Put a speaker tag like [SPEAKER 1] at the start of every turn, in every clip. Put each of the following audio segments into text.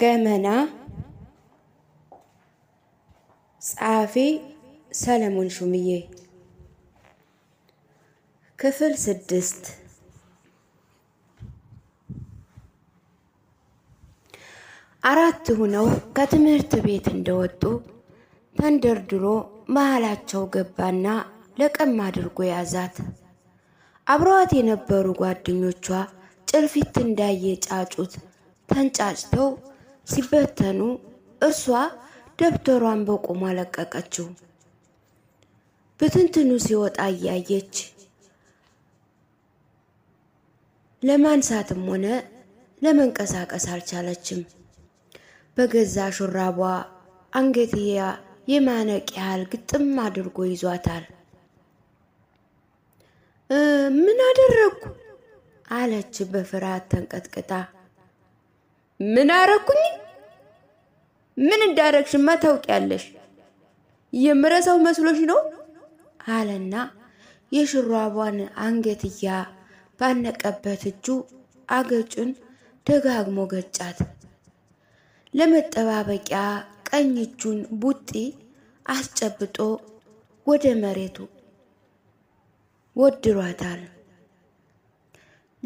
[SPEAKER 1] ገመና ጸሐፊ ሰለሞን ሹምዬ ክፍል ስድስት አራት ሆነው ከትምህርት ቤት እንደወጡ ተንደርድሮ መሃላቸው ገባና ለቀም አድርጎ ያዛት። አብረዋት የነበሩ ጓደኞቿ ጭልፊት እንዳየ ጫጩት ተንጫጭተው ሲበተኑ እርሷ ደብተሯን በቁሟ ለቀቀችው። ብትንትኑ ሲወጣ እያየች ለማንሳትም ሆነ ለመንቀሳቀስ አልቻለችም። በገዛ ሹራቧ አንገትያ የማነቅ ያህል ግጥም አድርጎ ይዟታል። ምን አደረግኩ አለች በፍርሃት ተንቀጥቅጣ። ምን አረኩኝ? ምን እንዳረግሽማ ታውቂያለሽ። የምረሳው መስሎሽ ነው አለና የሽሯቧን አንገትያ ባነቀበት እጁ አገጩን ደጋግሞ ገጫት። ለመጠባበቂያ ቀኝ እጁን ቡጢ አስጨብጦ ወደ መሬቱ ወድሯታል።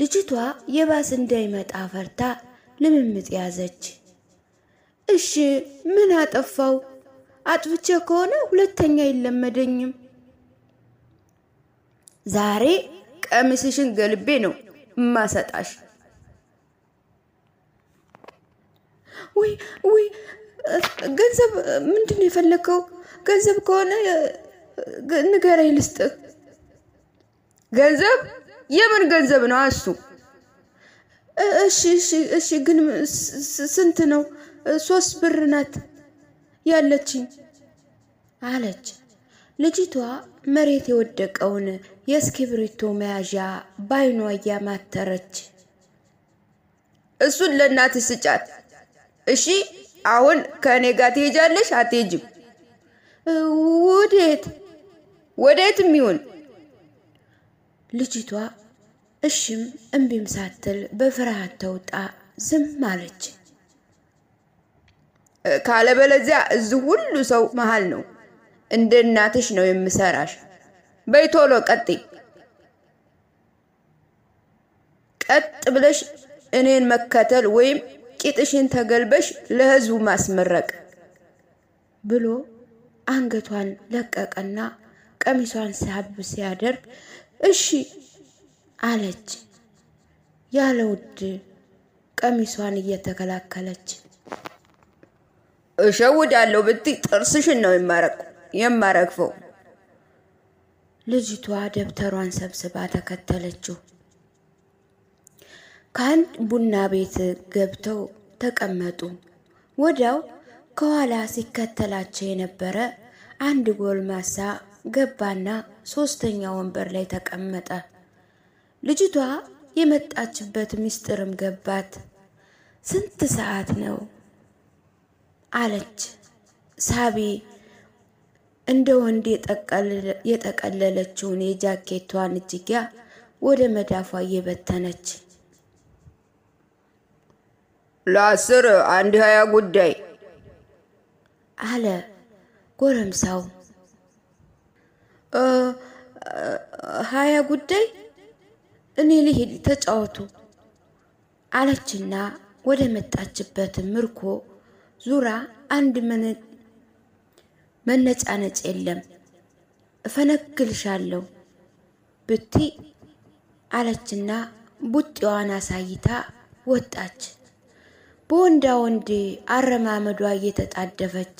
[SPEAKER 1] ልጅቷ የባስ እንዳይመጣ ፈርታ ልምምጥ ያዘች። እሺ ምን አጠፋው? አጥፍቼ ከሆነ ሁለተኛ አይለመደኝም። ዛሬ ቀሚስሽን ገልቤ ነው ማሰጣሽ። ወይ ወይ ገንዘብ ምንድን ነው የፈለከው? ገንዘብ ከሆነ ንገረኝ ልስጥህ። ገንዘብ የምን ገንዘብ ነው አሱ? እሺ እሺ እሺ፣ ግን ስንት ነው? ሶስት ብር ናት ያለችኝ አለች። ልጅቷ መሬት የወደቀውን የእስክሪብቶ መያዣ ባይኗ እያማተረች እሱን ለእናትሽ ስጫት። እሺ አሁን ከእኔ ጋር ትሄጃለሽ? አትሄጅም? ወዴት ወዴትም ይሁን ልጅቷ እሽም እምቢም ሳትል በፍርሃት ተውጣ ዝም አለች። ካለበለዚያ እዚህ ሁሉ ሰው መሃል ነው እንደ እናትሽ ነው የምሰራሽ። በይቶሎ ቀጥይ፣ ቀጥ ብለሽ እኔን መከተል ወይም ቂጥሽን ተገልበሽ ለህዝቡ ማስመረቅ ብሎ አንገቷን ለቀቀና ቀሚሷን ሳብ ሲያደርግ እሺ አለች ያለ ውድ ቀሚሷን እየተከላከለች። እሸውዳለሁ ብትይ ጥርስሽን ነው የማረግፈው። ልጅቷ ደብተሯን ሰብስባ ተከተለችው። ከአንድ ቡና ቤት ገብተው ተቀመጡ። ወዲያው ከኋላ ሲከተላቸው የነበረ አንድ ጎልማሳ ገባና ሶስተኛ ወንበር ላይ ተቀመጠ። ልጅቷ የመጣችበት ምስጢርም ገባት። ስንት ሰዓት ነው አለች ሳቢ እንደ ወንድ የጠቀለለችውን የጃኬቷን እጅጊያ ወደ መዳፏ እየበተነች ለአስር አንድ ሀያ ጉዳይ አለ ጎረምሳው። ሀያ ጉዳይ እኔ ልሄድ ተጫወቱ አለችና ወደ መጣችበት ምርኮ ዙራ አንድ መነጫነጭ የለም እፈነግልሻለሁ ብቲ አለችና ቡጢዋን አሳይታ ወጣች። በወንዳ ወንድ አረማመዷ እየተጣደፈች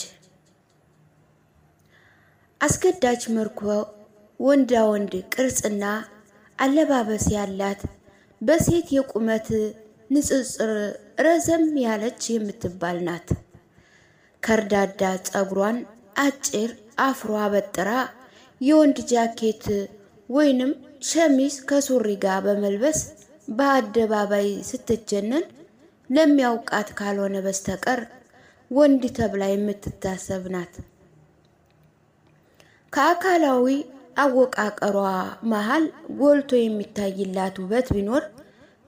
[SPEAKER 1] አስገዳጅ ምርኮ ወንዳ ወንድ ቅርጽና አለባበስ ያላት በሴት የቁመት ንጽጽር ረዘም ያለች የምትባል ናት። ከርዳዳ ጸጉሯን አጭር አፍሮ አበጥራ የወንድ ጃኬት ወይንም ሸሚዝ ከሱሪ ጋር በመልበስ በአደባባይ ስትጀነን ለሚያውቃት ካልሆነ በስተቀር ወንድ ተብላ የምትታሰብ ናት። ከአካላዊ አወቃቀሯ መሀል ጎልቶ የሚታይላት ውበት ቢኖር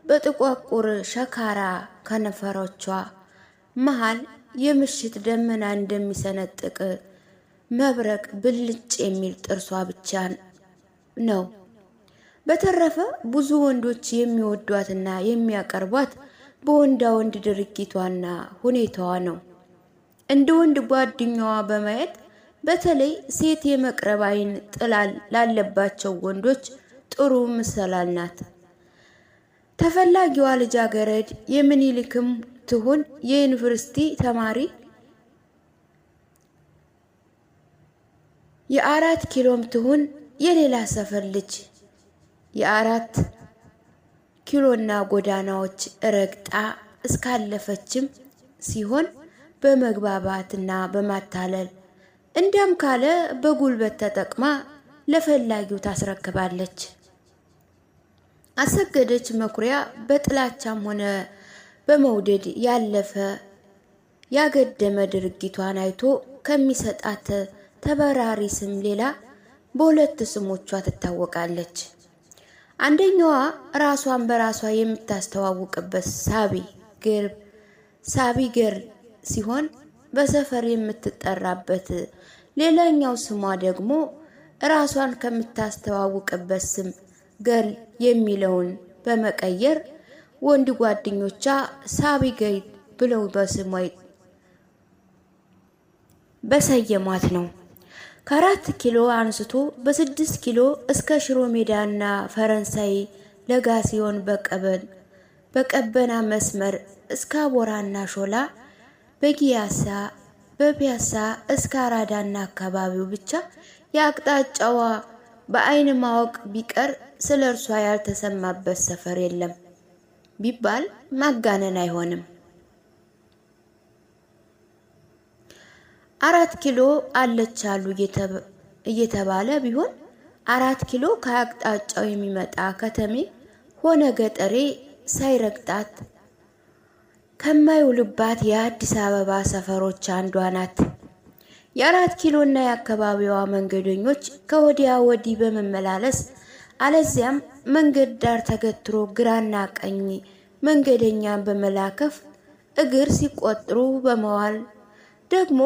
[SPEAKER 1] በጥቋቁር ሸካራ ከነፈሮቿ መሀል የምሽት ደመና እንደሚሰነጥቅ መብረቅ ብልጭ የሚል ጥርሷ ብቻ ነው። በተረፈ ብዙ ወንዶች የሚወዷትና የሚያቀርቧት በወንዳ ወንድ ድርጊቷና ሁኔታዋ ነው። እንደ ወንድ ጓደኛዋ በማየት በተለይ ሴት የመቅረብ አይን ጥላል ላለባቸው ወንዶች ጥሩ ምሳሌ ናት። ተፈላጊዋ ልጃገረድ የምኒልክም ትሁን የዩኒቨርሲቲ ተማሪ የአራት ኪሎም ትሁን የሌላ ሰፈር ልጅ የአራት ኪሎና ጎዳናዎች ረግጣ እስካለፈችም ሲሆን በመግባባትና በማታለል እንዲያም ካለ በጉልበት ተጠቅማ ለፈላጊው ታስረክባለች። አሰገደች መኩሪያ በጥላቻም ሆነ በመውደድ ያለፈ ያገደመ ድርጊቷን አይቶ ከሚሰጣት ተበራሪ ስም ሌላ በሁለት ስሞቿ ትታወቃለች። አንደኛዋ ራሷን በራሷ የምታስተዋውቅበት ሳቢ ግርብ ሳቢ ገር ሲሆን በሰፈር የምትጠራበት። ሌላኛው ስሟ ደግሞ ራሷን ከምታስተዋውቅበት ስም ገል የሚለውን በመቀየር ወንድ ጓደኞቿ ሳቢ ገይ ብለው በስሟ በሰየሟት ነው። ከአራት ኪሎ አንስቶ በስድስት ኪሎ እስከ ሽሮ ሜዳና ፈረንሳይ ለጋ ሲሆን በቀበና መስመር እስከ አቦራና ሾላ በጊያሳ በፒያሳ እስከ አራዳና አካባቢው ብቻ የአቅጣጫዋ በአይን ማወቅ ቢቀር ስለ እርሷ ያልተሰማበት ሰፈር የለም ቢባል ማጋነን አይሆንም። አራት ኪሎ አለች አሉ እየተባለ ቢሆን አራት ኪሎ ከአቅጣጫው የሚመጣ ከተሜ ሆነ ገጠሬ ሳይረግጣት ከማይውልባት የአዲስ አበባ ሰፈሮች አንዷ ናት። የአራት ኪሎና የአካባቢዋ መንገደኞች ከወዲያ ወዲህ በመመላለስ አለዚያም መንገድ ዳር ተገትሮ ግራና ቀኝ መንገደኛን በመላከፍ እግር ሲቆጥሩ በመዋል ደግሞ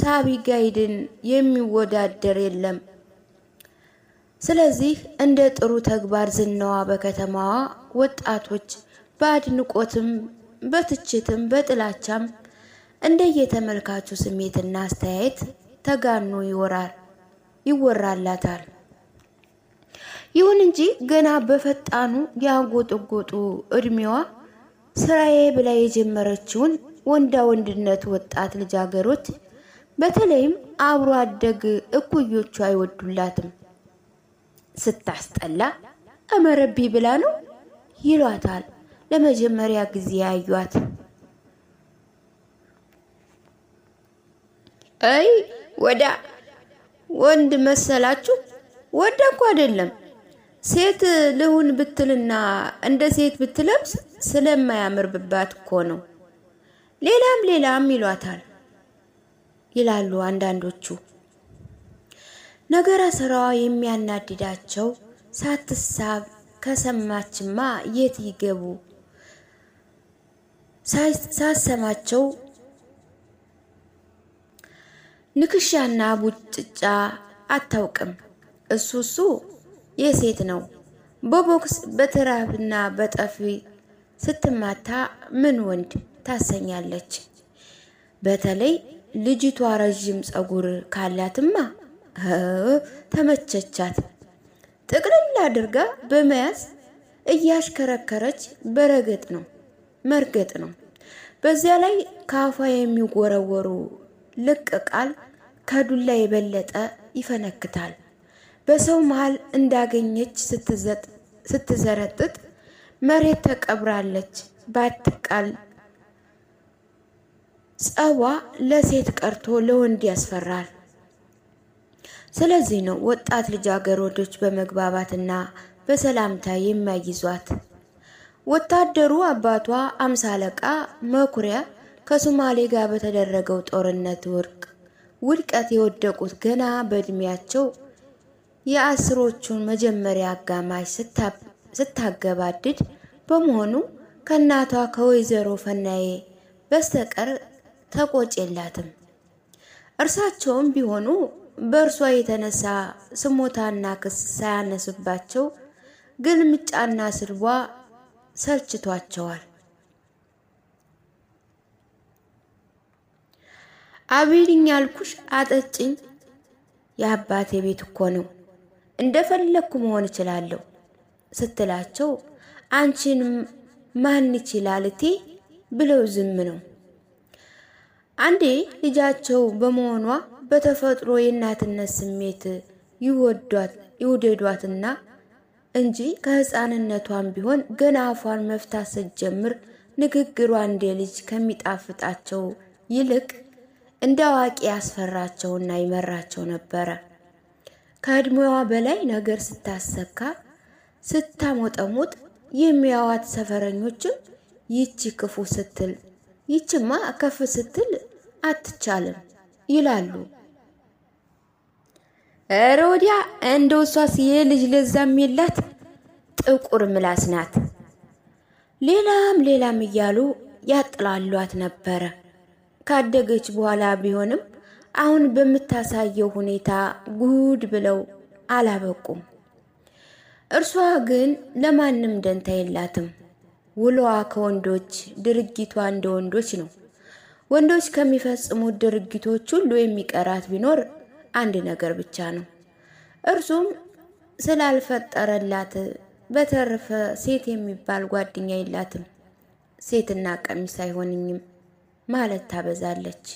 [SPEAKER 1] ሳቢ ጋይድን የሚወዳደር የለም። ስለዚህ እንደ ጥሩ ተግባር ዝናዋ በከተማዋ ወጣቶች በአድንቆትም በትችትም በጥላቻም እንደየተመልካቹ ስሜትና አስተያየት ተጋኖ ይወራል ይወራላታል። ይሁን እንጂ ገና በፈጣኑ ያጎጠጎጡ እድሜዋ ስራዬ ብላ የጀመረችውን ወንዳ ወንድነት ወጣት ልጃገሮች በተለይም አብሮ አደግ እኩዮቹ አይወዱላትም። ስታስጠላ እመረቢ ብላ ነው ይሏታል። ለመጀመሪያ ጊዜ ያዩት። አይ ወዳ ወንድ መሰላችሁ? ወዳ እኮ አይደለም ሴት ልሁን ብትልና እንደ ሴት ብትለብስ ስለማያምርብባት እኮ ነው። ሌላም ሌላም ይሏታል ይላሉ አንዳንዶቹ። ነገረ ስራዋ የሚያናድዳቸው ሳትሳብ ከሰማችማ የት ይገቡ? ሳሰማቸው ንክሻና ቡጭጫ አታውቅም። እሱ እሱ የሴት ነው። በቦክስ በትራብና በጠፊ ስትማታ ምን ወንድ ታሰኛለች። በተለይ ልጅቷ ረዥም ፀጉር ካላትማ ተመቸቻት። ጥቅልል አድርጋ በመያዝ እያሽከረከረች በረገጥ ነው መርገጥ ነው። በዚያ ላይ ከአፏ የሚወረወሩ ልቅ ቃል ከዱላ የበለጠ ይፈነክታል። በሰው መሃል እንዳገኘች ስትዘረጥጥ መሬት ተቀብራለች። ባትቃል ጸቧ ለሴት ቀርቶ ለወንድ ያስፈራል። ስለዚህ ነው ወጣት ልጃገረዶች በመግባባትና በሰላምታ የሚያይዟት። ወታደሩ አባቷ አምሳ አለቃ መኩሪያ ከሱማሌ ጋር በተደረገው ጦርነት ውርቅ ውድቀት የወደቁት ገና በእድሜያቸው የአስሮቹን መጀመሪያ አጋማሽ ስታገባድድ በመሆኑ ከእናቷ ከወይዘሮ ፈናዬ በስተቀር ተቆጭ የላትም። እርሳቸውም ቢሆኑ በእርሷ የተነሳ ስሞታና ክስ ሳያነስባቸው ግልምጫና ስድቧ ሰልችቷቸዋል። አብይልኝ ያልኩሽ አጠጭኝ የአባቴ ቤት እኮ ነው እንደፈለግኩ መሆን እችላለሁ ስትላቸው አንቺን ማን ይችላል እቴ ብለው ዝም ነው። አንዴ ልጃቸው በመሆኗ በተፈጥሮ የእናትነት ስሜት ይወዷት ይውደዷትና እንጂ ከህፃንነቷን ቢሆን ገና አፏን መፍታት ስትጀምር ንግግሯ እንደ ልጅ ከሚጣፍጣቸው ይልቅ እንደ አዋቂ ያስፈራቸውና ይመራቸው ነበረ። ከዕድሜዋ በላይ ነገር ስታሰካ ስታሞጠሞጥ የሚያዋት ሰፈረኞችም ይቺ ክፉ ስትል ይችማ ከፍ ስትል አትቻልም ይላሉ። ሮዲያ እንደ እንደው እሷስ የልጅ ለዛም የላት ጥቁር ምላስ ናት። ሌላም ሌላም እያሉ ያጥላሏት ነበረ። ካደገች በኋላ ቢሆንም አሁን በምታሳየው ሁኔታ ጉድ ብለው አላበቁም። እርሷ ግን ለማንም ደንታ የላትም። ውሎዋ ከወንዶች ድርጊቷ እንደ ወንዶች ነው። ወንዶች ከሚፈጽሙት ድርጊቶች ሁሉ የሚቀራት ቢኖር አንድ ነገር ብቻ ነው። እርሱም ስላልፈጠረላት፣ በተረፈ ሴት የሚባል ጓደኛ የላትም። ሴትና ቀሚስ አይሆንኝም ማለት ታበዛለች።